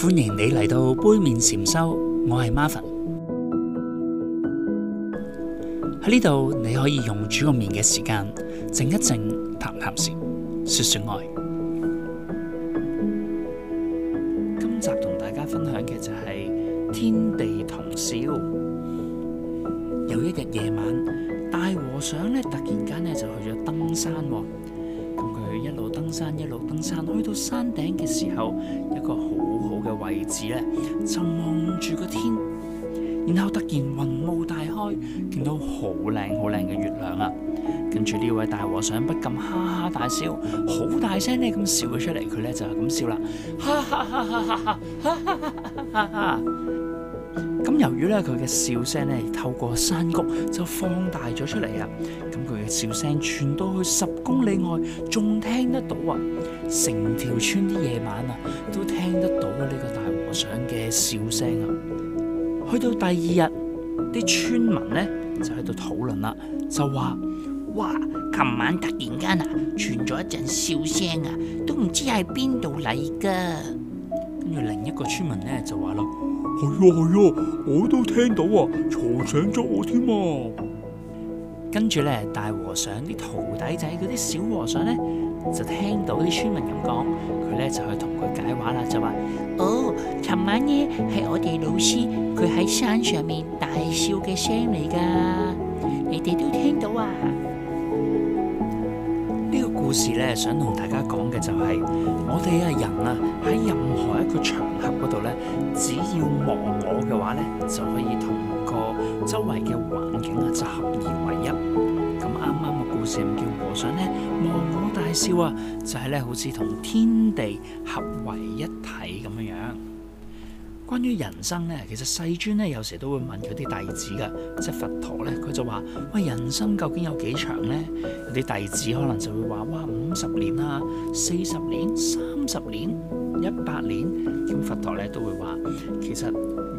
歡迎你嚟到杯麵禪修，我係 Marvin 喺呢度，你可以用煮個麵嘅時間靜一靜，談談禪，說說愛。今集同大家分享嘅就係天地同笑。有一日夜晚，大和尚咧突然間咧就去咗登山。登山一路登山，去到山頂嘅時候，一個好好嘅位置咧，就望住個天，然後突然雲霧大開，見到好靚好靚嘅月亮啊！跟住呢位大和尚不禁哈哈大笑，好大聲咧咁笑咗出嚟，佢咧就咁笑啦，哈哈哈哈哈哈，哈哈哈哈哈哈。咁由於咧佢嘅笑聲咧，透過山谷就放大咗出嚟啊！咁佢嘅笑聲傳到去十公里外，仲聽得到啊！成條村啲夜晚啊，都聽得到呢個大和尚嘅笑聲啊！去到第二日，啲村民呢就喺度討論啦，就話：哇！琴晚突然間啊，傳咗一陣笑聲啊，都唔知喺邊度嚟噶。跟住另一個村民呢就話咯。係啊係啊，我都聽到啊，嘈醒咗我添啊！跟住咧，大和尚啲徒弟仔嗰啲小和尚咧，就聽到啲村民咁講，佢咧就去同佢解話啦，就話：哦，尋晚呢係我哋老師，佢喺山上面大笑嘅聲嚟噶，你哋都聽到啊！呢個故事咧，想同大家講嘅就係、是，我哋啊人啊，喺任何一個場合嗰度咧。只要望我嘅話呢，就可以同個周圍嘅環境啊合二為一。咁啱啱個故事唔叫和尚呢，望我大笑啊，就係咧，好似同天地合為一體咁樣樣。關於人生呢，其實世尊咧有時都會問佢啲弟子噶，即係佛陀呢，佢就話：喂，人生究竟有幾長呢？有啲弟子可能就會話：哇，五十年啊，四十年，三十年，一百年。咁佛陀呢都會話：其實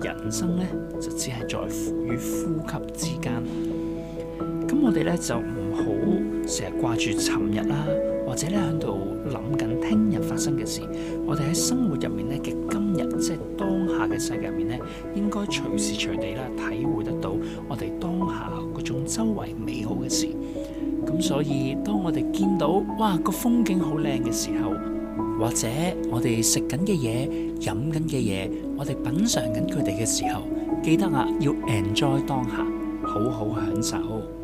人生呢，就只係在乎於呼吸之間。咁我哋呢，就唔好成日掛住尋日啦，或者呢喺度諗緊聽日發生嘅事。我哋喺生活入面呢……極。世界入面，應該隨時隨地啦，體會得到我哋當下嗰種周圍美好嘅事。咁所以，當我哋見到哇，個風景好靚嘅時候，或者我哋食緊嘅嘢、飲緊嘅嘢，我哋品嚐緊佢哋嘅時候，記得啊，要 enjoy 當下，好好享受。